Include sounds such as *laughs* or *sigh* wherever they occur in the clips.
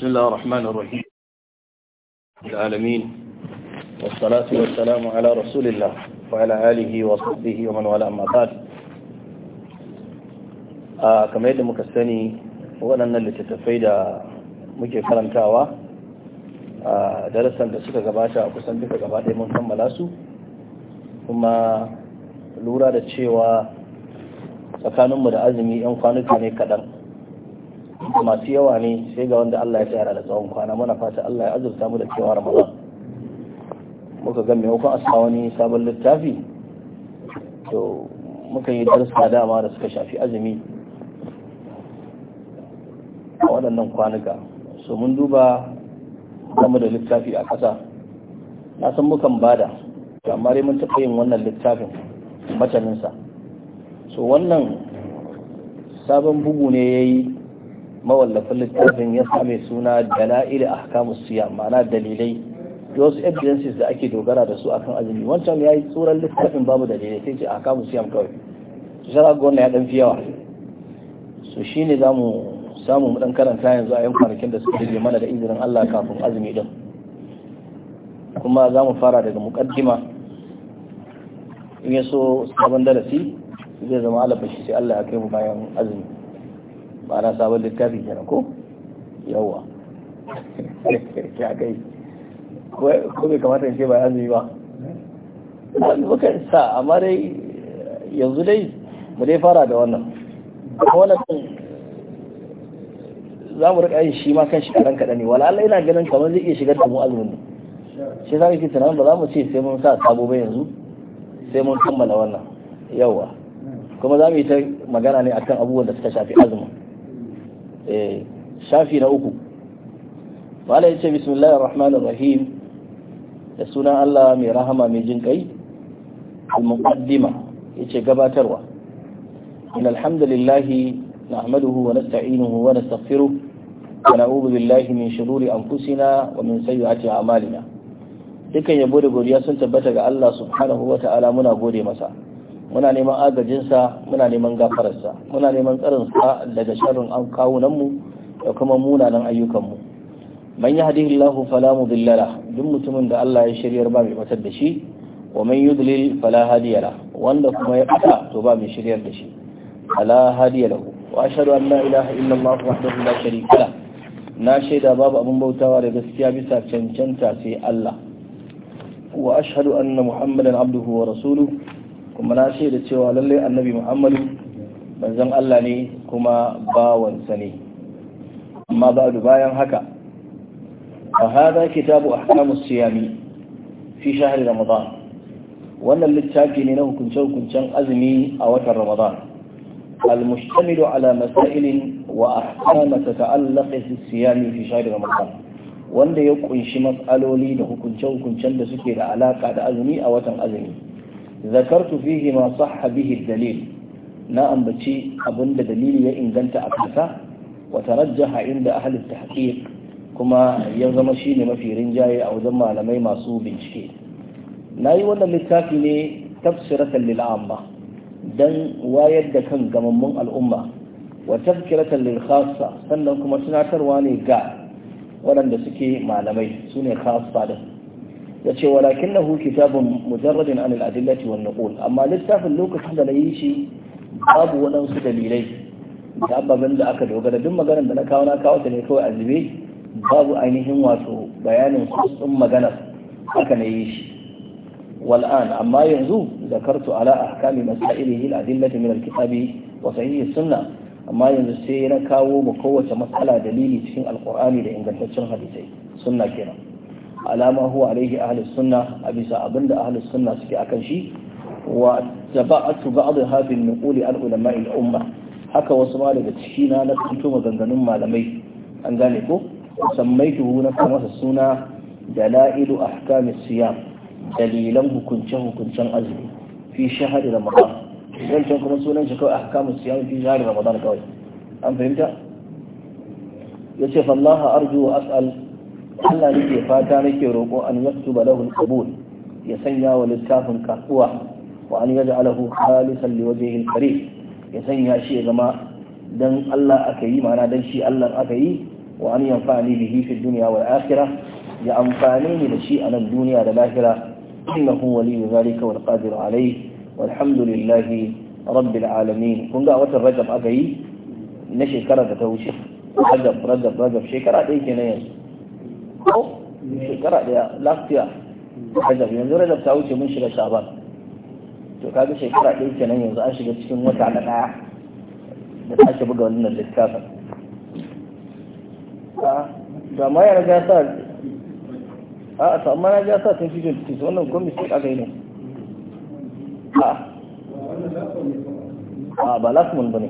بسم الله الرحمن الرحيم kamar yadda muka sani waɗannan littattafai da muke karantawa a darasan da suka gabata a kusan duka gaba ɗaya mun kammala su kuma lura da cewa tsakaninmu da azumi 'yan kwanuka ne kaɗan masu yawa ne sai ga wanda Allah ya tsara da tsawon kwana muna fata Allah ya azurta mu da cewa Ramadan muka ga hukun asawa wani sabon littafi to muka yi darsa dama da suka shafi azumi a waɗannan kwanuka so mun duba zama da littafi a ƙasa na san mukan bada amma dai mun taɓa yin wannan littafin sa so wannan sabon bugu ne ya yi mawallafin littafin ya same suna a ahkamus siyam ma'ana dalilai da wasu evidences da ake dogara da su a kan azumi wancan ya yi tsoron littafin babu dalilai sai ce ahkamus siyam kawai su shara ga wannan ya dan fi yawa su shine za mu samu karanta yanzu a yan kwanakin da suka rage mana da izinin Allah kafin azumi din kuma za mu fara daga mukaddima in ya so sabon darasi zai zama alabashi sai Allah ya kai mu bayan azumi Ba na sabon littafi kenan ko yawa ya kai ko bai kamata in ce ba azumi ba muka sa amma dai yanzu dai mu dai fara da wannan wannan za mu rika yin shi ma kan shi kaɗan kaɗa ne wala Allah ina ganin kamar zai iya shigar da mu azumin ne shi za ki tunanin ba za mu ce sai mun sa sabo ba yanzu sai mun kammala wannan yawa kuma za mu yi ta magana ne akan abubuwan da suka shafi azumin Eh, shafi na uku wala ya ce bismillahir rahmanir rahim da sunan Allah mai rahama mai jin kai al-muqaddima yace gabatarwa in alhamdulillahi nahmaduhu wa nasta'inuhu wa nastaghfiruh wa na'udhu billahi min shururi anfusina wa min sayyiati a'malina dukan yabo da godiya sun tabbata ga Allah subhanahu wa ta'ala muna gode masa muna neman agajinsa muna neman gafararsa muna neman tsarinsa daga sharrin an mu da kuma munanan ayyukanmu man yahdihillahu fala mudilla la duk mutumin da Allah ya shiryar ba mai batar da shi wa man yudlil fala hadiya wanda kuma ya bata to ba mai shiryar da shi fala hadiya lahu wa ashhadu an la ilaha illa Allah wahdahu la sharika la na shaida babu abin bautawa da gaskiya bisa cancanta sai Allah wa ashhadu anna muhammadan abduhu wa rasuluhu kuma na shaida cewa lallai annabi muhammadu manzon Allah ne kuma bawansa ne amma ba'du bayan haka fa hada kitabu ahkamus siyami fi shahri ramadan wannan littafi ne na hukunce-hukuncen azumi a watan ramadan al-mushtamilu ala masailin wa ahkama tata'allaqa fi siyami fi shahri ramadan wanda ya ƙunshi matsaloli da hukunce-hukuncen da suke da alaƙa da azumi a watan azumi zakar fihi ma sahha dalil na ambaci abinda dalili ya inganta a kansa wa tarajjaha inda ahli tahqiq kuma ya zama shine mafi rinjaye a wajen malamai masu bincike nayi wannan littafi ne tafsiratan lil amma dan wayar da kan gamammun al'umma wa tafkiratan lil khassa sannan kuma tunatarwa ne ga waɗanda suke malamai sune khassa din ya ce walakin lahu kitabun mujarradin an al'adillati wal nuqul amma littafin lokacin da na yi shi babu waɗansu dalilai da ababen da aka dogara duk maganar da na kawo na kawo ta ne kawai a zube babu ainihin wato bayanin sun maganar haka na yi shi wal'an amma yanzu zakartu ala ahkami masailihi al'adillati min al-kitabi wa sahihi sunna amma yanzu sai na kawo mu kowace matsala dalili cikin alkur'ani da ingantaccen hadisai sunna kenan alama huwa alaihi ahlus sunna a bisa abinda ahlus sunna suke akan shi wa taba'atu ba'd hadhihi an-nuqul an ulama'il umma haka wasu ma daga ciki na na kanto maganganun malamai an gane ko sammaituhu na kuma masa suna dalailu ahkamis siyam dalilan hukuncen hukuncen azumi fi shahri ramadan wancan kuma sunan shi kawai ahkamus siyam fi shahri ramadan kawai an fahimta yace fallaha arju wa as'al Allah nake fata nake roƙo an yasu ba lahul qabul ya sanya wa littafin kasuwa wa an alahu khalisan liwajhihi al-karim ya sanya shi ya zama dan Allah aka yi ma'ana dan shi Allah aka yi wa an yanfa'ani bihi fi dunya wal akhirah ya amfane ni da shi a nan duniya da lahira innahu waliyyu zalika wal qadir alayhi walhamdulillahi rabbil alamin kun ga watan rajab aka yi na shekara da ta wuce rajab rajab rajab shekara ɗaya kenan yanzu ko shekara daya last year rajab yanzu rajab ta wuce mun shiga shaban to kaga shekara ɗaya kenan yanzu an shiga cikin wata na ɗaya da ta sake buga wannan littafin da ah, ma ya riga sa a a samu na ja sa tun fi jinsu wannan gwamnati mistake aka yi ne a ah. ah, ba last month ba ne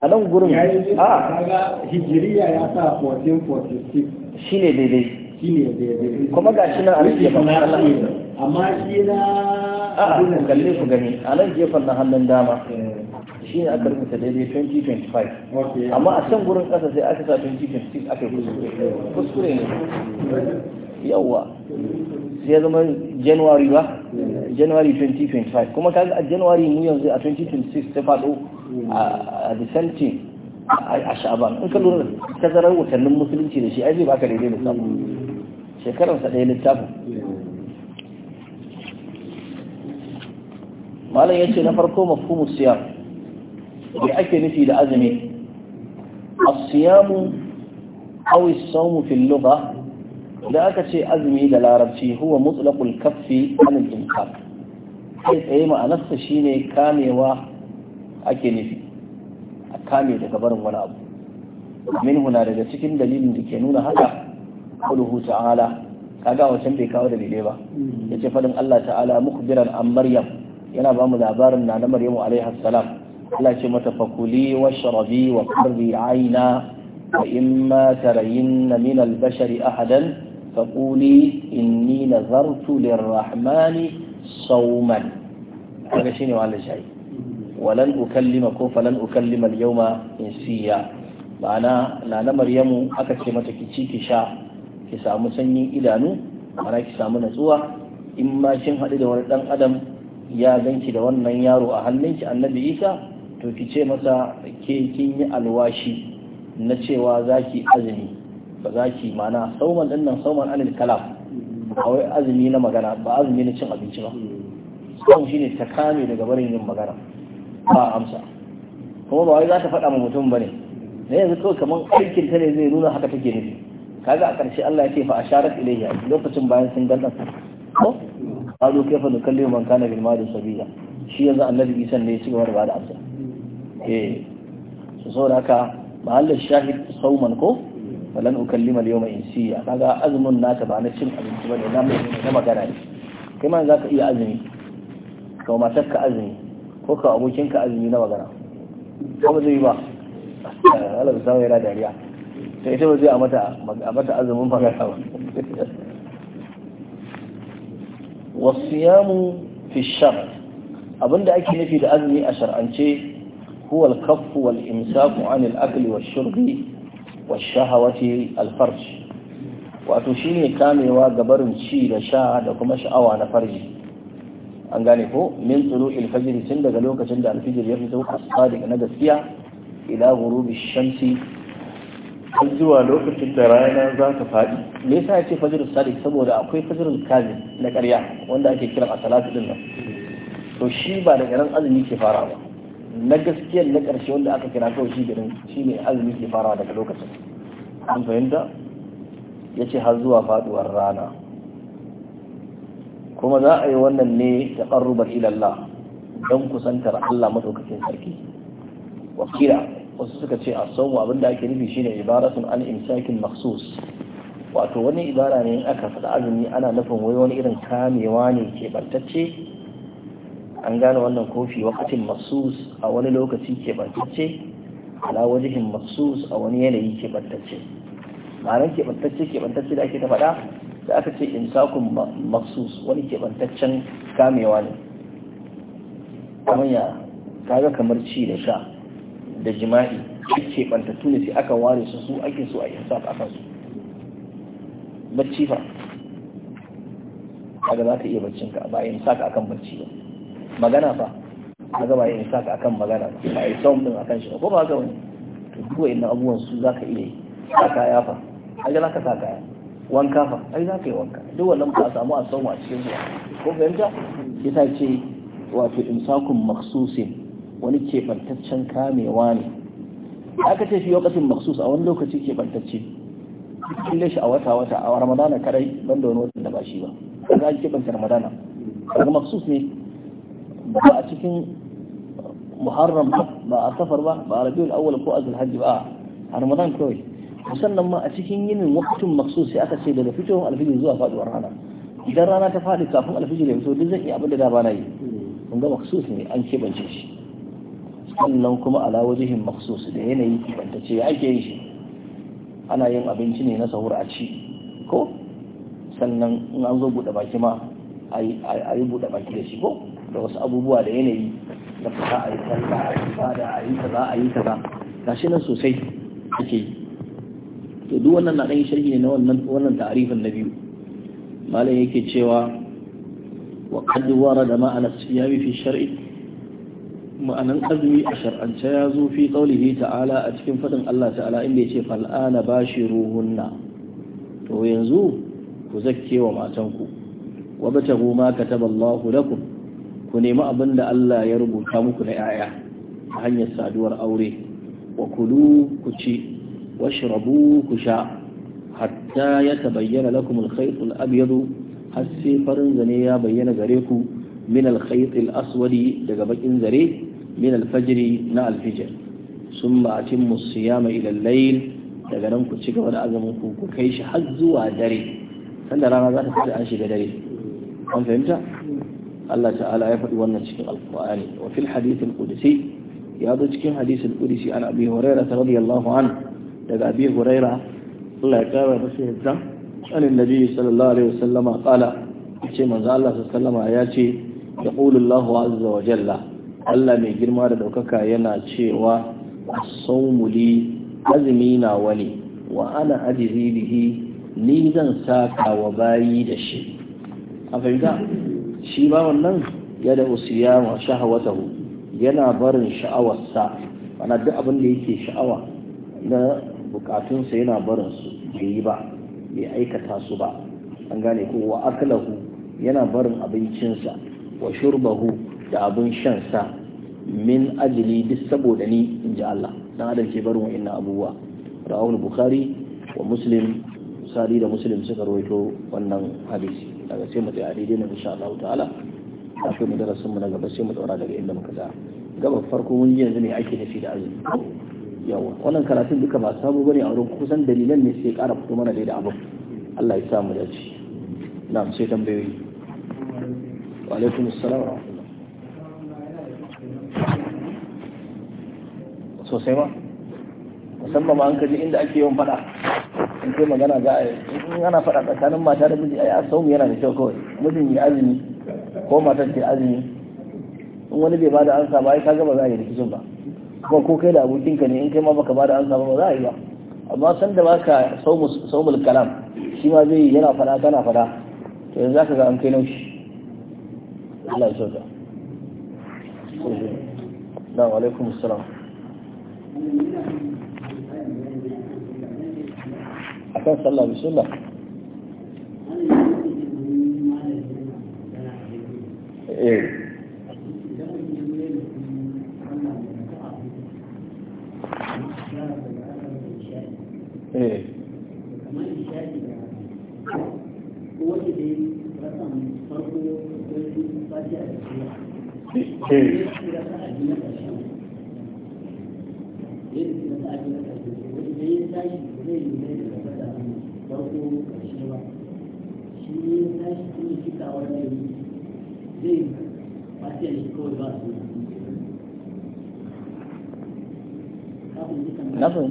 a nan gurin a ah. hijiriya ya sa 1446 shi daidai daidai kuma ga shi nan a rike ba amma shi na a ah, ku kalle ku gani a nan gefen na hannun dama eh. shi ne aka rubuta daidai 2025 amma a can gurin kasa sai aka sa 2026 aka kuskure kuskure ne eh. yawa sai ya zama january ba eh. january 2025 kuma kaga a january mu yanzu a 2026 ta faɗo a disantin a sha'aban in ka lura tazarar watannin musulunci da shi ai zai baka daidai da samu ɗaya littafin malam ya ce na farko mafhumu siyam da ake nufi da azumi asiyamu aw as-sawm fi lugha idan aka ce azumi da larabci huwa mutlaqul kaffi anil infaq kai tsaye ma'anarsa shine kamewa ake nufi a kame daga barin wani abu minhu na daga cikin dalilin da ke nuna haka quluhu ta'ala kaga wancan bai kawo dalilai ba yace fadin Allah ta'ala mukhbiran an maryam yana ba mu labarin na na maryamu alaiha salam Allah ce mata fakuli washrabi wa qurri aina wa imma tarayinna min al-bashari ahadan فقولي إني نذرت للرحمن صوما هذا شيء وعلى شيء ولن أكلمكم فلن أكلم in siya ma'ana nana maryamu aka ce mata ki ci ki sha ki samu sanyin idanu ma'ana ki samu natsuwa in ma kin haɗu da wani ɗan adam ya ganki da wannan yaro a hannunki annabi isa to ki ce masa ke kin yi alwashi na cewa za ki azumi ba za ki mana sauman din nan sauman anil kalam ba wai azumi na magana ba azumi na cin abinci ba sauman ne ta kame daga barin yin magana ba amsa kuma ba wai za ta faɗa ma mutum ba ne na yanzu kawai kamar aikin ta ne zai nuna haka take nufi kaga a ƙarshe Allah ya ce fa asharat ilayya lokacin bayan sun gandan ko qalu fa nukallimu man kana bil madu sabiya shi yanzu annabi Isa ne ya ci gaba da bada amsa eh so saboda haka mahallin shahid sauman ko falan ukallima al siya. na ga azumin naka ba na cin abinci bane na na magana ne kai ma za ka iya azumi ka matarka azumi ko ka abokinka azumi na magana ko ba zai ba eh, Allah ya samu yana dariya sai ita ba zai a mata a mata azumin magana ba wasiyamu fi shar abinda ake nufi da azumi a shar'ance huwa al-kaffu wal imsaku anil akli wash shurbi washahawati alfarj wato shine kamewa ga barin ci da sha da kuma sha'awa na farji an gane ko min tulu'il fajr tun daga lokacin da alfijir ya fito sadiq na gaskiya ila ghurubi shamsi har zuwa lokacin da rana za ta faɗi me yasa ya ce fajr sadiq saboda akwai fajr kazi na ƙarya wanda ake kira a salatu nan to shi ba da garan azumi ke fara na gaskiya na ƙarshe wanda aka kira kawai shi gidan shi ne azumi ke farawa daga lokacin an fahimta ya ce har zuwa faduwar rana kuma za a yi wannan ne ta ƙarrubar ilallah don kusantar Allah madaukakin sarki wakila wasu suka ce a abin da ake nufi shine ibaratun an imsakin maksus wato wani ibara ne in aka faɗa azumi ana nufin wai wani irin kamewa ne ke bantacce an gane wannan kofi wakatin masus a wani lokaci ke bantacce ala wajihin masus a wani yanayi ke bantacce ma'anar ke bantacce ke bantacce da ake ta faɗa da aka ce in sakun masus wani ke bantaccen kamewa ne kamar ya kaga kamar ci da sha da jima'i ke bantattu ne sai aka ware su su ake so a imsak a kansu bacci fa kaga za ka iya baccinka ba a imsak akan bacci ba magana fa a gaba ya saka akan magana ba yi isa mutum akan shi ko ba ga wani to kuwa wa'in abubuwan su za ka iya yi a kaya fa a ga ka sa kaya wanka fa ai za ka yi wanka duk wannan ba a samu a samu a cikin su ko fahimta ta ce wato in sakun maksusin wani keɓantaccen kamewa ne aka ce fi lokacin maksus a wani lokaci keɓantacce kille shi a wata wata a ramadana kadai ban da wani wata da ba shi ba kaga an keɓanta ramadana daga maksus ne ba a cikin muharram ba a safar ba ba a rabiul awwal ko a hajji ba a ramadan kawai musamman ma a cikin yinin waktun maksu sai aka ce daga fitowar alfijir zuwa faduwar rana idan rana ta faɗi kafin alfijir ya fito duk zan iya abin da da ba na yi kun ga maksu ne an keɓance shi sannan kuma ala wajihin maksus da yanayi ce ya ake yin shi ana yin abinci ne na sahur a ci ko sannan in an zo buɗe baki ma a yi buɗe baki da shi ko da wasu abubuwa da yanayi da fita a yi sallah a yi da a yi kaza a yi kaza gashi nan sosai ake yi to duk wannan na ɗan sharhi ne na wannan wannan ta'arifin na biyu malam yake cewa wa qad warada ma'ana siyami fi shar'i ma'anan azumi a shar'ance ya zo fi qaulihi ta'ala a cikin fadin Allah ta'ala inda yace fal ana bashiruhunna to yanzu ku zakke wa matanku wa batahu ma kataballahu lakum ku nemi abin da Allah ya rubuta muku na 'ya'ya a hanyar saduwar aure wa kulu ku ci washrabu ku sha hatta ya tabayyana lakum al-khayt har sai farin zane ya bayyana gare ku min al aswadi daga bakin zare min al na al sun summa atimmu as-siyama ila al-layl daga nan ku ci gaba da azumin ku ku kai shi har zuwa dare sanda rana za ta fita an shiga dare an fahimta Allah ta'ala ya faɗi wannan cikin alƙur'ani wa fil hadith al-qudsi ya zo cikin hadith al-qudsi an abi hurairah radiyallahu an daga abi hurairah Allah ya kara masa yadda an annabi sallallahu alaihi wasallam qala ce manzo Allah sallallahu ya ce yaqulu Allahu azza wa jalla Allah mai girma da daukaka yana cewa as-sawmu li azmi na wani wa ana ajizi bihi ni zan saka wa bayi da shi a fahimta shi ba wannan ya da wa shahawatahu yana barin sha'awarsa mana duk abin da yake sha'awa na bukatunsa yana barin su bai yi ba bai aikata su ba an gane ko wa aklahu yana barin abincinsa wa shurbahu da abin shansa min ajili duk saboda ni in ji Allah dan adam ke barin ina abubuwa rawahul bukhari wa muslim sari da muslim suka rawaito wannan hadisi daga sai mu tsaye daidai nan insha Allah ta'ala kafin mu darasin mu na gaba sai mu daura daga inda muka tsaya gaba farko mun ji yanzu ne ake nufi da azumi yawa wannan karatun duka ba sabo bane a wurin kusan dalilan ne sai ƙara fito mana da abin Allah ya sa mu dace na sai tambayoyi wa alaikum assalam wa rahmatullah sosai ma musamman ma an kaji inda ake yawan fada in kai magana za a yi in ana faɗa tsakanin mata da miji ai asawun yana da kyau kawai mijin ya azumi ko mata ce azumi in wani bai bada ansa ba ai kaga ba za a yi rikicin ba kuma ko kai da abokinka ne in kai ma baka bada ansa ba ba za a yi ba amma san da baka saumul kalam shi ma zai yana faɗa kana faɗa to yanzu zaka ga an kai naushi Allah ya kyauta. Assalamu alaikum. akan sallah bismillah eh eh eh ba na da hmm.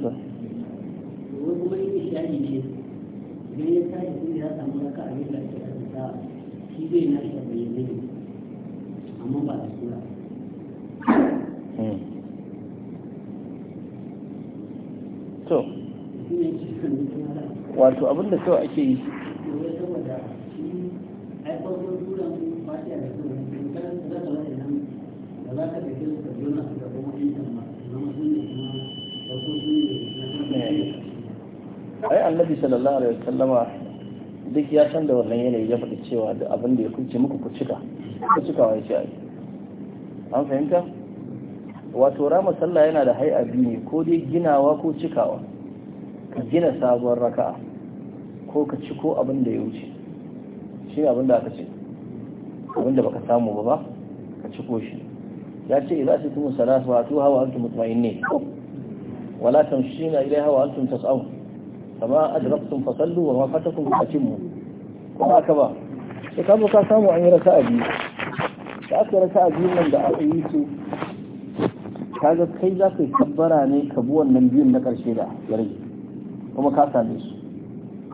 to wato abinda kawai ake yi ai annabi sallallahu alaihi wasallam duk ya san da wannan yanayi ya faɗi cewa da abin da ya kunce muku ku cika ku cikawa ya ce ai an fahimta wato rama sallah yana da hai biyu ne ko dai ginawa ko cikawa ka gina sabuwar raka'a ko ka ci ko abin da ya wuce shi abin da aka ce abin da baka samu ba ba ka ci ko shi ya ce sai situm salatu wa tuha wa antum mutmainnin wala tamshina ilaiha wa antum tas'un kama adraktum fasallu wa ma fatakum fatimmu kuma haka ba sai ka ka samu an yi raka'a biyu da aka raka'a biyu nan da aka yi su kaga kai za ka yi kabbara ne ka bi wannan biyun na karshe da ya kuma ka same su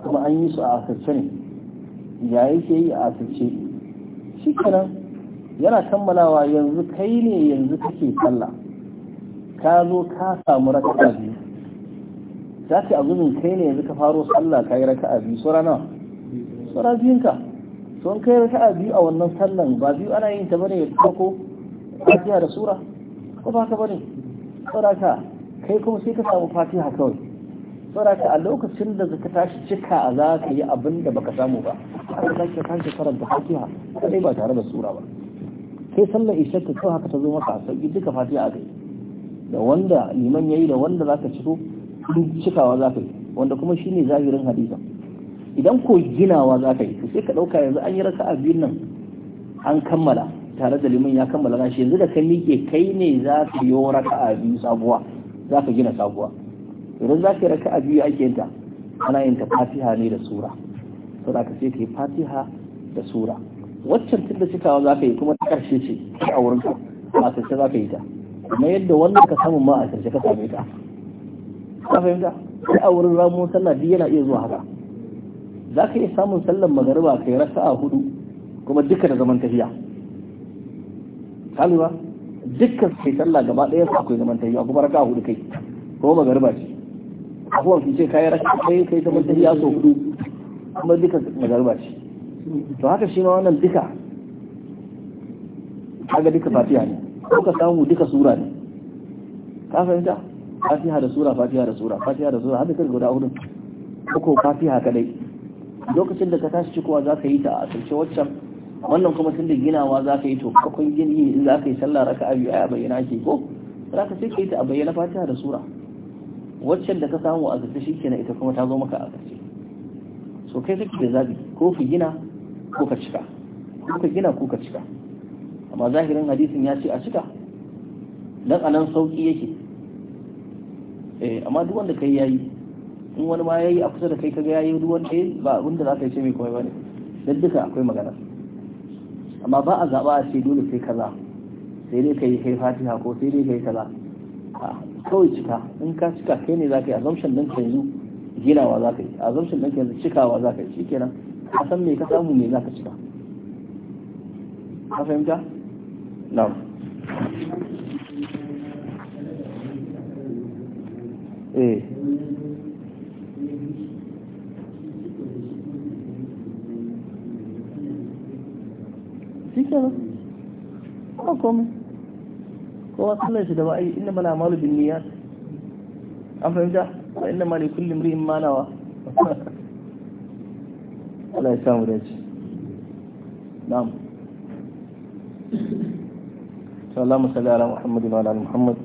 kuma an yi su a asirce ne ya yi ke yi a asirce shi kenan yana kammalawa yanzu kai ne yanzu kake sallah ka zo ka samu raka'a biyu za ka azumin kai ne yanzu ka faro sallah ka yi raka'a biyu sura nawa sura biyun ka to in kai raka'a biyu a wannan sallan ba biyu ana yin ta bane farko fatiha da sura ko ba ka bane sura ka kai kuma sai ka samu fatiha kawai sura ka a lokacin da ka tashi cika a za ka yi abin da baka samu ba aka sake kanka karanta fatiha kai ba tare da sura ba kai sallar isha ka kawai haka ta zo maka sauki duka fatiha a kai da wanda liman yi da wanda za ka ciko cikawa za ka yi wanda kuma shine zahirin hadisin idan ko ginawa za ka yi to sai ka ɗauka yanzu an yi raka'a biyun nan an kammala tare da liman ya kammala shi yanzu da ka miƙe kai ne za ka yi a biyu sabuwa za ka gina sabuwa idan za ka yi a biyu ake yinta ana yin ta fatiha ne da sura za ka sai ka yi fatiha da sura waccan tun da cikawa za ka yi kuma ta ƙarshe ce a wurin ka. ba ta za ka yi ta kuma yadda wannan ka samu ma a ƙarshe ka same ta ka fahimta sai a wurin ramu sallah duk yana iya zuwa haka za ka iya samun sallar magariba kai a hudu kuma duka da zaman tafiya ka dukkan kai sallah gaba ɗaya su akwai zaman tafiya kuma a hudu kai kuma magariba ce abubuwan su ce kayi rasa kai kai zaman tafiya so hudu kuma duka magariba ce to haka shi ma wannan duka kaga duka fatiha ne ko ka samu duka sura ne ka fahimta fatiha da sura fatiha da sura fatiha da sura hada guda hudu uku fatiha kadai lokacin da ka tashi cikowa za ka yi ta a asirce waccan wannan kuma tun da ginawa za ka yi to kakon gini in za ka yi sallah raka abu a bayyana ke ko za ka sai ka yi ta a bayyana fatiha da sura waccan da ka samu a ke na ita kuma ta zo maka a ƙarshe so kai kake da zabi ko ka gina ko ka cika ko ka gina ko ka cika amma zahirin hadisin ya ce a cika dan anan sauki yake Eh, amma duk wanda kai yayi in wani ma yayi a kusa da kai kaga yayi duk wanda yayi ba wanda za ka ce mai komai bane duk duka akwai magana amma ba a zaba a ce dole sai kaza sai dai kai kai fatiha ko sai dai kai kaza kawai cika in ka cika kai ne za ka yi din ɗinka yanzu ginawa za ka yi assumption ɗinka yanzu cikawa za ka yi shikenan a san me ka samu me za ka cika ka fahimta na'am eh shi kenan ba komai kowa sallar shi da ba inda malu bin an fahimta ba inda mali kullum ri'in manawa *laughs* Allah ya samu dace na'am sallallahu alaihi wa Muhammad wa Muhammad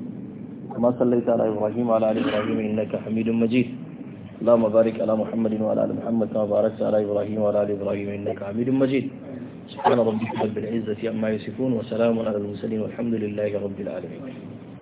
كما صليت على إبراهيم وعلى آل إبراهيم إنك حميد مجيد اللهم بارك على محمد وعلى آل محمد كما باركت على إبراهيم وعلى آل إبراهيم إنك حميد مجيد سبحان ربك رب العزة عما يصفون وسلام على المرسلين والحمد لله رب العالمين